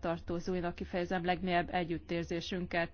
tartozóinak kifejezem legmélyebb együttérzésünket.